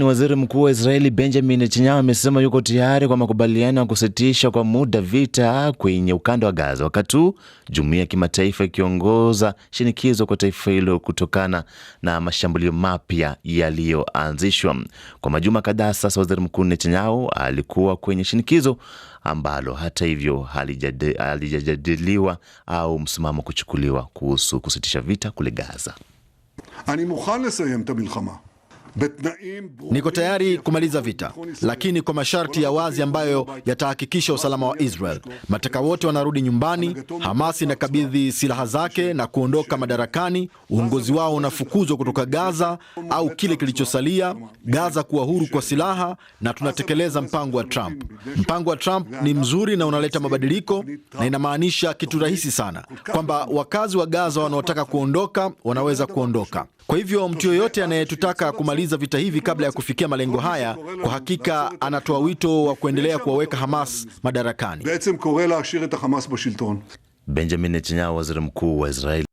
Ni waziri mkuu wa Israeli Benjamin Netanyahu amesema yuko tayari kwa makubaliano ya kusitisha kwa muda vita kwenye ukanda wa Gaza, wakati huu jumuiya ya kimataifa ikiongoza shinikizo kwa taifa hilo kutokana na mashambulio mapya yaliyoanzishwa kwa majuma kadhaa sasa. Waziri mkuu Netanyahu alikuwa kwenye shinikizo ambalo hata hivyo halijajadiliwa au msimamo kuchukuliwa kuhusu kusitisha vita kule Gaza. Niko tayari kumaliza vita, lakini kwa masharti ya wazi ambayo yatahakikisha usalama wa Israel. Mateka wote wanarudi nyumbani, Hamas inakabidhi silaha zake na kuondoka madarakani, uongozi wao unafukuzwa kutoka Gaza au kile kilichosalia, Gaza kuwa huru kwa silaha, na tunatekeleza mpango wa Trump. Mpango wa Trump ni mzuri na unaleta mabadiliko, na inamaanisha kitu rahisi sana, kwamba wakazi wa Gaza wanaotaka kuondoka wanaweza kuondoka. Kwa hivyo mtu yoyote anayetutaka kumaliza vita hivi kabla ya kufikia malengo haya, kwa hakika anatoa wito wa kuendelea kuwaweka Hamas madarakani. Benjamin Netanyahu, waziri mkuu wa Israeli